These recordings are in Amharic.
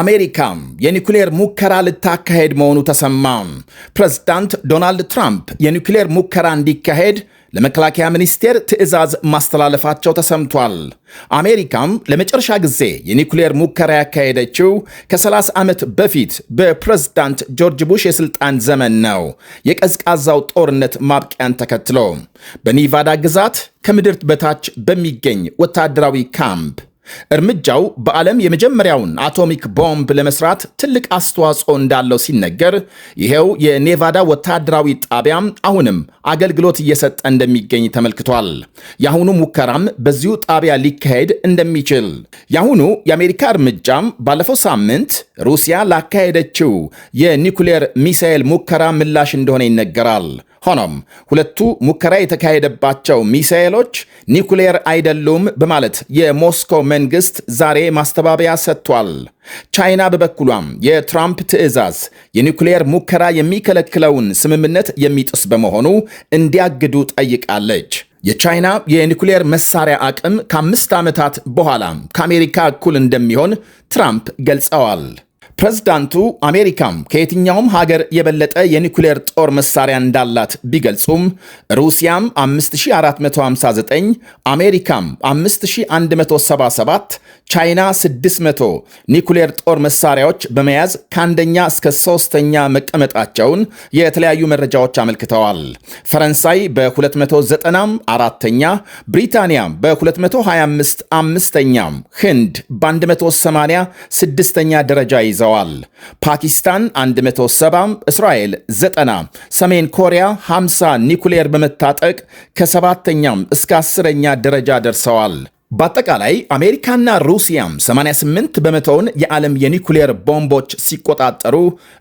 አሜሪካ የኒኩሌር ሙከራ ልታካሄድ መሆኑ ተሰማ። ፕሬዝዳንት ዶናልድ ትራምፕ የኒኩሌር ሙከራ እንዲካሄድ ለመከላከያ ሚኒስቴር ትዕዛዝ ማስተላለፋቸው ተሰምቷል። አሜሪካም ለመጨረሻ ጊዜ የኒኩሌር ሙከራ ያካሄደችው ከ30 ዓመት በፊት በፕሬዝዳንት ጆርጅ ቡሽ የሥልጣን ዘመን ነው፣ የቀዝቃዛው ጦርነት ማብቂያን ተከትሎ በኒቫዳ ግዛት ከምድር በታች በሚገኝ ወታደራዊ ካምፕ እርምጃው በዓለም የመጀመሪያውን አቶሚክ ቦምብ ለመስራት ትልቅ አስተዋጽኦ እንዳለው ሲነገር ይሄው የኔቫዳ ወታደራዊ ጣቢያ አሁንም አገልግሎት እየሰጠ እንደሚገኝ ተመልክቷል። የአሁኑ ሙከራም በዚሁ ጣቢያ ሊካሄድ እንደሚችል የአሁኑ የአሜሪካ እርምጃም ባለፈው ሳምንት ሩሲያ ላካሄደችው የኒኩሌር ሚሳኤል ሙከራ ምላሽ እንደሆነ ይነገራል። ሆኖም ሁለቱ ሙከራ የተካሄደባቸው ሚሳኤሎች ኒኩሌር አይደሉም በማለት የሞስኮ መንግስት ዛሬ ማስተባበያ ሰጥቷል። ቻይና በበኩሏም የትራምፕ ትዕዛዝ የኒኩሌር ሙከራ የሚከለክለውን ስምምነት የሚጥስ በመሆኑ እንዲያግዱ ጠይቃለች። የቻይና የኒኩሌር መሳሪያ አቅም ከአምስት ዓመታት በኋላ ከአሜሪካ እኩል እንደሚሆን ትራምፕ ገልጸዋል። ፕሬዝዳንቱ አሜሪካም ከየትኛውም ሀገር የበለጠ የኒኩሌር ጦር መሳሪያ እንዳላት ቢገልጹም ሩሲያም 5459፣ አሜሪካም 5177፣ ቻይና 600 ኒኩሌር ጦር መሳሪያዎች በመያዝ ከአንደኛ እስከ ሶስተኛ መቀመጣቸውን የተለያዩ መረጃዎች አመልክተዋል። ፈረንሳይ በ290 አራተኛ፣ ብሪታንያ በ225 አምስተኛም፣ ህንድ በ180 ስድስተኛ ደረጃ ይዘዋል። ተናግረዋል። ፓኪስታን 170፣ እስራኤል 90፣ ሰሜን ኮሪያ 50 ኒኩሌር በመታጠቅ ከሰባተኛም እስከ አስረኛ ደረጃ ደርሰዋል። በአጠቃላይ አሜሪካና ሩሲያም 88 በመቶውን የዓለም የኒኩሌር ቦምቦች ሲቆጣጠሩ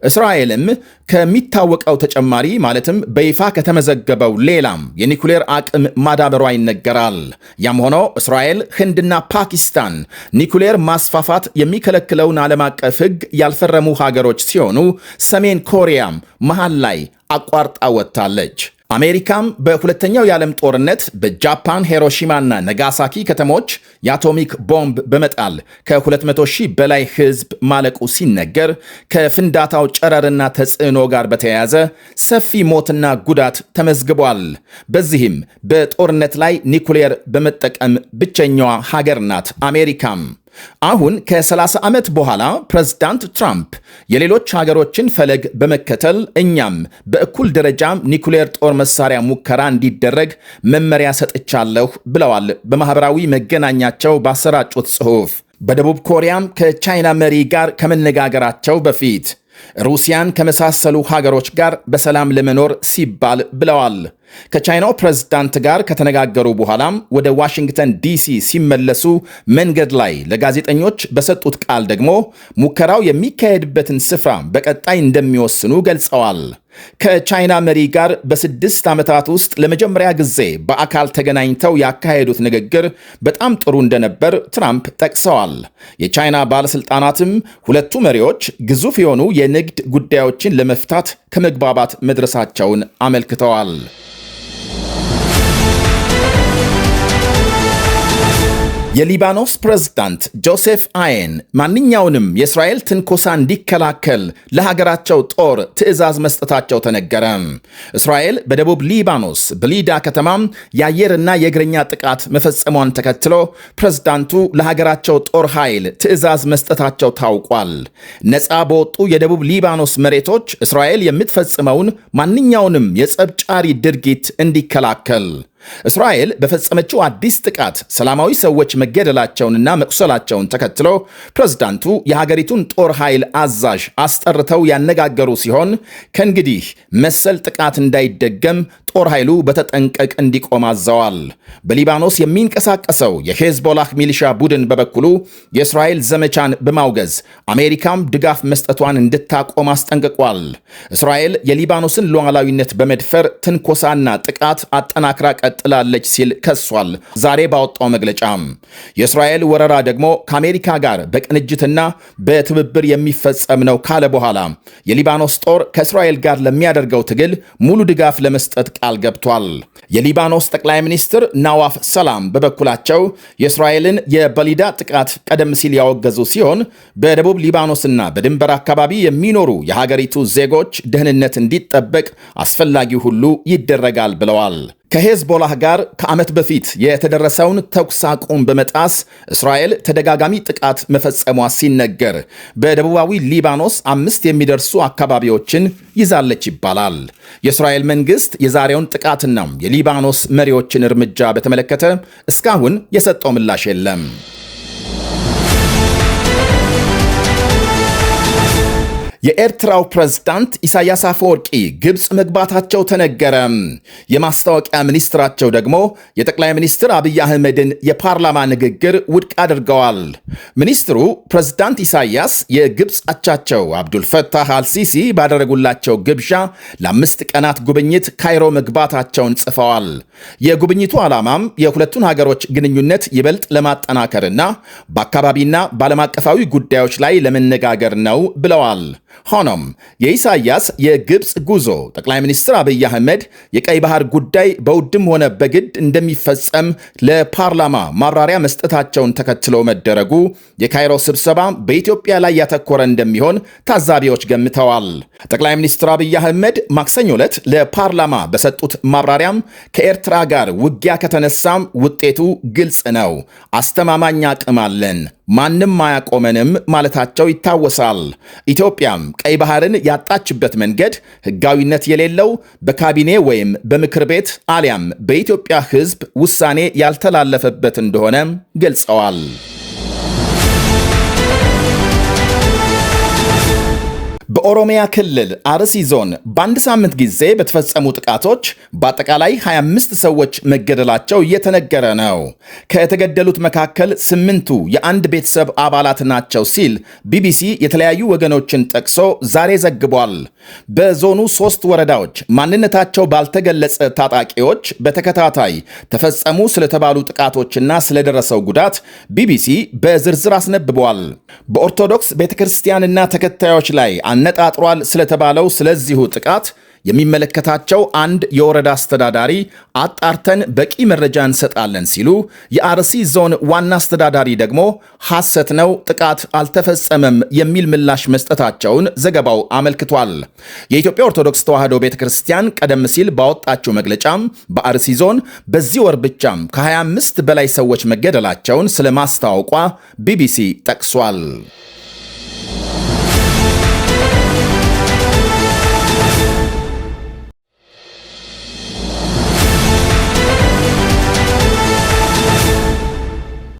እስራኤልም ከሚታወቀው ተጨማሪ ማለትም በይፋ ከተመዘገበው ሌላም የኒኩሌር አቅም ማዳበሯ ይነገራል። ያም ሆኖ እስራኤል፣ ህንድና ፓኪስታን ኒኩሌር ማስፋፋት የሚከለክለውን ዓለም አቀፍ ሕግ ያልፈረሙ ሀገሮች ሲሆኑ ሰሜን ኮሪያም መሃል ላይ አቋርጣ ወጥታለች። አሜሪካም በሁለተኛው የዓለም ጦርነት በጃፓን ሂሮሺማና ነጋሳኪ ከተሞች የአቶሚክ ቦምብ በመጣል ከ200 ሺህ በላይ ሕዝብ ማለቁ ሲነገር ከፍንዳታው ጨረርና ተጽዕኖ ጋር በተያያዘ ሰፊ ሞትና ጉዳት ተመዝግቧል። በዚህም በጦርነት ላይ ኒኩሌር በመጠቀም ብቸኛዋ ሀገር ናት አሜሪካም። አሁን ከ30 ዓመት በኋላ ፕሬዝዳንት ትራምፕ የሌሎች ሀገሮችን ፈለግ በመከተል እኛም በእኩል ደረጃ ኒኩሌር ጦር መሳሪያ ሙከራ እንዲደረግ መመሪያ ሰጥቻለሁ ብለዋል በማኅበራዊ መገናኛቸው ባሰራጩት ጽሑፍ። በደቡብ ኮሪያም ከቻይና መሪ ጋር ከመነጋገራቸው በፊት ሩሲያን ከመሳሰሉ ሀገሮች ጋር በሰላም ለመኖር ሲባል ብለዋል። ከቻይናው ፕሬዝዳንት ጋር ከተነጋገሩ በኋላም ወደ ዋሽንግተን ዲሲ ሲመለሱ መንገድ ላይ ለጋዜጠኞች በሰጡት ቃል ደግሞ ሙከራው የሚካሄድበትን ስፍራ በቀጣይ እንደሚወስኑ ገልጸዋል። ከቻይና መሪ ጋር በስድስት ዓመታት ውስጥ ለመጀመሪያ ጊዜ በአካል ተገናኝተው ያካሄዱት ንግግር በጣም ጥሩ እንደነበር ትራምፕ ጠቅሰዋል። የቻይና ባለሥልጣናትም ሁለቱ መሪዎች ግዙፍ የሆኑ የንግድ ጉዳዮችን ለመፍታት ከመግባባት መድረሳቸውን አመልክተዋል። የሊባኖስ ፕሬዝዳንት ጆሴፍ አየን ማንኛውንም የእስራኤል ትንኮሳ እንዲከላከል ለሀገራቸው ጦር ትዕዛዝ መስጠታቸው ተነገረ። እስራኤል በደቡብ ሊባኖስ ብሊዳ ከተማም የአየርና የእግረኛ ጥቃት መፈጸሟን ተከትሎ ፕሬዝዳንቱ ለሀገራቸው ጦር ኃይል ትዕዛዝ መስጠታቸው ታውቋል። ነፃ በወጡ የደቡብ ሊባኖስ መሬቶች እስራኤል የምትፈጽመውን ማንኛውንም የጸብጫሪ ድርጊት እንዲከላከል እስራኤል በፈጸመችው አዲስ ጥቃት ሰላማዊ ሰዎች መገደላቸውንና መቁሰላቸውን ተከትሎ ፕሬዝዳንቱ የሀገሪቱን ጦር ኃይል አዛዥ አስጠርተው ያነጋገሩ ሲሆን ከእንግዲህ መሰል ጥቃት እንዳይደገም ጦር ኃይሉ በተጠንቀቅ እንዲቆም አዘዋል። በሊባኖስ የሚንቀሳቀሰው የሄዝቦላህ ሚሊሻ ቡድን በበኩሉ የእስራኤል ዘመቻን በማውገዝ አሜሪካም ድጋፍ መስጠቷን እንድታቆም አስጠንቅቋል። እስራኤል የሊባኖስን ሉዓላዊነት በመድፈር ትንኮሳና ጥቃት አጠናክራ ቀጥ ቀጥላለች ሲል ከሷል። ዛሬ ባወጣው መግለጫ የእስራኤል ወረራ ደግሞ ከአሜሪካ ጋር በቅንጅትና በትብብር የሚፈጸም ነው ካለ በኋላ የሊባኖስ ጦር ከእስራኤል ጋር ለሚያደርገው ትግል ሙሉ ድጋፍ ለመስጠት ቃል ገብቷል። የሊባኖስ ጠቅላይ ሚኒስትር ናዋፍ ሰላም በበኩላቸው የእስራኤልን የበሊዳ ጥቃት ቀደም ሲል ያወገዙ ሲሆን በደቡብ ሊባኖስና በድንበር አካባቢ የሚኖሩ የሀገሪቱ ዜጎች ደህንነት እንዲጠበቅ አስፈላጊ ሁሉ ይደረጋል ብለዋል። ከሄዝቦላህ ጋር ከዓመት በፊት የተደረሰውን ተኩስ አቁም በመጣስ እስራኤል ተደጋጋሚ ጥቃት መፈጸሟ ሲነገር በደቡባዊ ሊባኖስ አምስት የሚደርሱ አካባቢዎችን ይዛለች ይባላል። የእስራኤል መንግስት የዛሬውን ጥቃትና የሊባኖስ መሪዎችን እርምጃ በተመለከተ እስካሁን የሰጠው ምላሽ የለም። የኤርትራው ፕሬዝዳንት ኢሳያስ አፈወርቂ ግብፅ መግባታቸው ተነገረ። የማስታወቂያ ሚኒስትራቸው ደግሞ የጠቅላይ ሚኒስትር አብይ አህመድን የፓርላማ ንግግር ውድቅ አድርገዋል። ሚኒስትሩ ፕሬዝዳንት ኢሳያስ የግብፅ አቻቸው አብዱልፈታህ አልሲሲ ባደረጉላቸው ግብዣ ለአምስት ቀናት ጉብኝት ካይሮ መግባታቸውን ጽፈዋል። የጉብኝቱ ዓላማም የሁለቱን ሀገሮች ግንኙነት ይበልጥ ለማጠናከርና በአካባቢና በዓለም አቀፋዊ ጉዳዮች ላይ ለመነጋገር ነው ብለዋል። ሆኖም የኢሳያስ የግብፅ ጉዞ ጠቅላይ ሚኒስትር አብይ አህመድ የቀይ ባህር ጉዳይ በውድም ሆነ በግድ እንደሚፈጸም ለፓርላማ ማብራሪያ መስጠታቸውን ተከትሎ መደረጉ የካይሮ ስብሰባ በኢትዮጵያ ላይ ያተኮረ እንደሚሆን ታዛቢዎች ገምተዋል። ጠቅላይ ሚኒስትር አብይ አህመድ ማክሰኞ ዕለት ለፓርላማ በሰጡት ማብራሪያም ከኤርትራ ጋር ውጊያ ከተነሳም ውጤቱ ግልጽ ነው፣ አስተማማኝ አቅም አለን፣ ማንም አያቆመንም ማለታቸው ይታወሳል። ኢትዮጵያ ኤርትራም ቀይ ባህርን ያጣችበት መንገድ ህጋዊነት የሌለው በካቢኔ ወይም በምክር ቤት አሊያም በኢትዮጵያ ህዝብ ውሳኔ ያልተላለፈበት እንደሆነ ገልጸዋል። በኦሮሚያ ክልል አርሲ ዞን በአንድ ሳምንት ጊዜ በተፈጸሙ ጥቃቶች በአጠቃላይ 25 ሰዎች መገደላቸው እየተነገረ ነው። ከተገደሉት መካከል ስምንቱ የአንድ ቤተሰብ አባላት ናቸው ሲል ቢቢሲ የተለያዩ ወገኖችን ጠቅሶ ዛሬ ዘግቧል። በዞኑ ሶስት ወረዳዎች ማንነታቸው ባልተገለጸ ታጣቂዎች በተከታታይ ተፈጸሙ ስለተባሉ ጥቃቶችና ስለደረሰው ጉዳት ቢቢሲ በዝርዝር አስነብቧል። በኦርቶዶክስ ቤተክርስቲያንና ተከታዮች ላይ አነጣጥሯል ስለተባለው ስለዚሁ ጥቃት የሚመለከታቸው አንድ የወረዳ አስተዳዳሪ አጣርተን በቂ መረጃ እንሰጣለን ሲሉ፣ የአርሲ ዞን ዋና አስተዳዳሪ ደግሞ ሐሰት ነው፣ ጥቃት አልተፈጸመም የሚል ምላሽ መስጠታቸውን ዘገባው አመልክቷል። የኢትዮጵያ ኦርቶዶክስ ተዋሕዶ ቤተ ክርስቲያን ቀደም ሲል ባወጣችው መግለጫም በአርሲ ዞን በዚህ ወር ብቻም ከ25 በላይ ሰዎች መገደላቸውን ስለማስታወቋ ቢቢሲ ጠቅሷል።